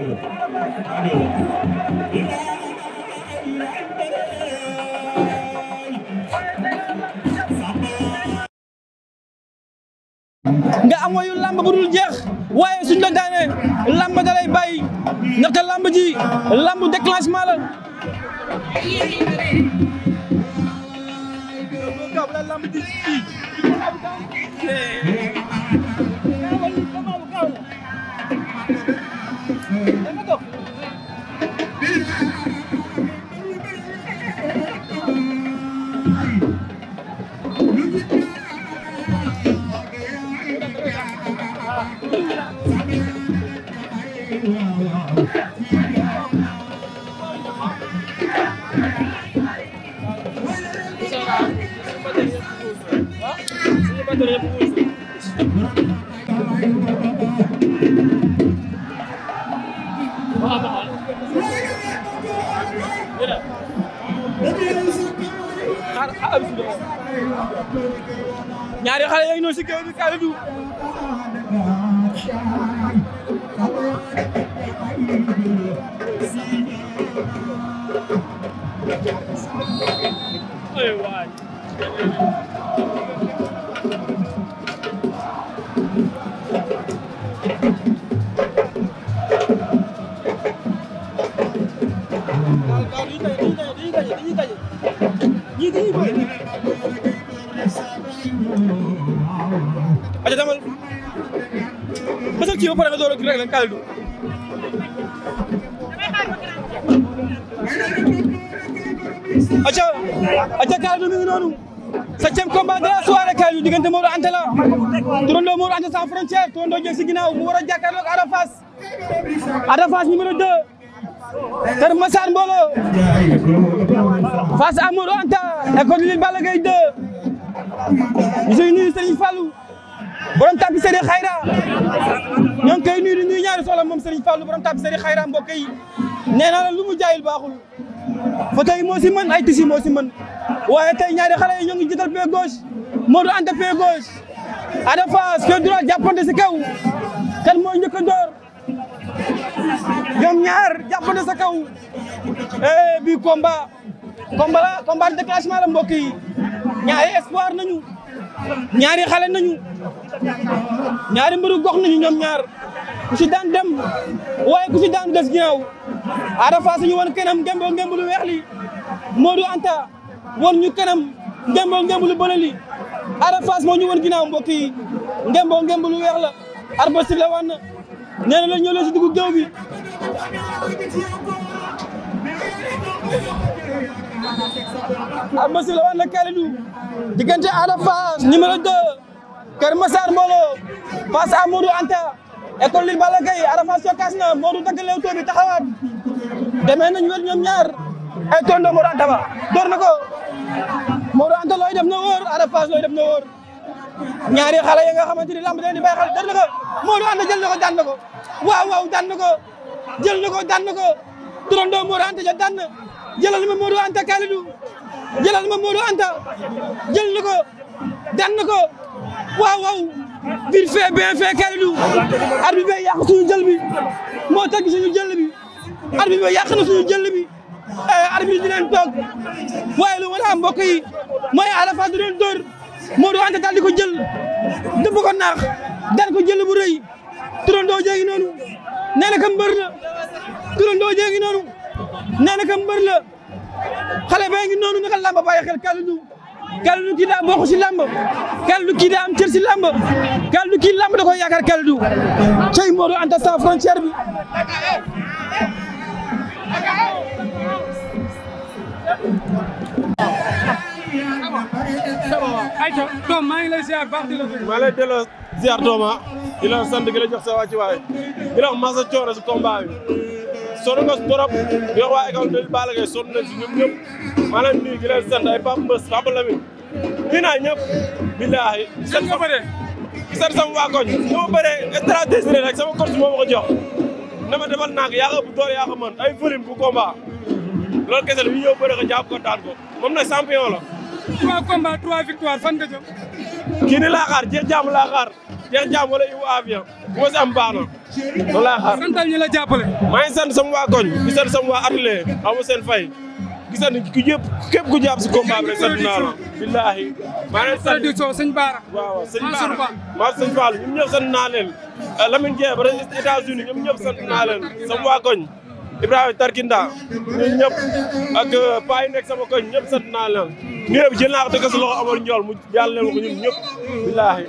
nga amoo yu làmb jeex waaye suñ la daanee làmb da lay bàyyi ndaxte làmb ji làmb déclenchement la. ñaari xale yaa ngi noonu si kër gi kaay du Aja, teman. basal kii a kii rek la Kalidou. aca aca Kalidou mi ngi noonu septième combat de la soirée Kalidou diggante Modou Anta la turandoo Modou Anta sans frontière turandoo jël si ginnaaw mu war a jàkkaarloog Ada a Ada Fass numéro 2 Kër Massar Mbolo face à Anta école Lille Balla Gaye 2 je suis borom tapisserie xayra ñoo ngi koy nuyu di nuyu ñaari soxla moom Serigne Fallou borom tapisserie xayra mbokk yi nee naa la lu mu baaxul fa tey moo si mën ay tisi moo si mën waaye tey ñaar xale yi ñoo ngi jiital pied gauche Modou Anta pied gauche Ada Fass pied droit jàppante si kaw kan moo njëkk ñoom ñaar jàppante sa kaw eh, bi combat combat la combat de déclenchement la mbokk yi ñaari espoir nañu ñaari xale nañu ñaari mbiru gox nañu ñoom ñaar ku si daan dem waaye ku si daan des ginnaaw Ada Fass ñu woon kanam ngemboo ngemb lu weex li Modou Anta woon ñu kanam ngemboo ngemb lu bële li Ada Fass moo ñu woon ginnaaw mbokk yi ngemboo ngemb lu weex la arbitre bi la wan na nee na si dugg géew bi Almasy la woon na Kalidou diggante Ada Fass numéro 2 Kër Massar Mbolo face à Modou Anta école Lille Balla Gaye Ada Fass yokkaas na Modou dagg leewtoo bi taxawaat demee nañ wel ñoom ñaar ay tondo Modou Anta ba door na ko Modou Anta looy def na wóor Ada ñaari xale yi nga xamante ni lamb dañ di bay xel door ko Modou Anta jël na ko daan ko waaw waaw daan Anta ja daan jëlal ma Modou Anta Kalidou jëlal ma Modou Anta jël ko daan ko waaw waaw fee bien fee Kalidou arbitre bi yàq suñu jël moo tagg suñu jël bi arbitre bi yàq na suñu bi eh, arbitre toog waaye lu wala mbokk yi mooy Ada Fass di doon dóor Anta daal ko jël dëpp ko naax daan ko jël bu rëy turandoo jéggi noonu nee na ka nee ka mbër la xale baa ngi noonu naka làmb bàyyi xel kàllu du kàllu kii daa bokk si làmb kàllu kii daa am cër si làmb kàllu kii làmb da koy yaakaar cey Modou Anta sans frontière bi ayca doom maa ngi lay ziar baax di la la jox sa wàccuwaay di la wax masa coono si combat bi sonn nga trop di wax waa école bi Balla Gaye sonn nañ si ñoom di leen sant ay Pape Mbës Pape Lamine nii naa ñëpp billaahi sant nga bëree sant sama waa koñ ni ma bëree stratégie rek sama coach na ma defal naag yaa ko doole yaa ko mën ay volume bu combat loolu kese la ñu ñëw bëre ko jàpp ko daan ko moom nag champion la. 3 combats 3 victoires fan nga jëm. laa xaar jeex jàmm laa xaar jeex jaam wala iwu avion bu ma si am baax na loolu laa xaar la jàppale maa ngi sant sama waa koñ di sant sama waa atelier amu seen fay di sant ku ñëpp képp ku jàpp si combat bi rek sant naa la billaahi maa ngi sant production sëñ Baara waaw waaw sëñ Baara maa sëñ Fall ñoom ñëpp sant naa leen Lamine Dieng ba États-Unis ñoom ñëpp sant naa leen sama waa koñ Ibrahima Tarkinda ñun ñëpp ak euh, paa yi nekk sama koñ ñëpp sant naa leen. nii rek jël naa ko dëgg si loxo Amar Ndiol mu jàll leen ko ñun ñëpp. billaahi.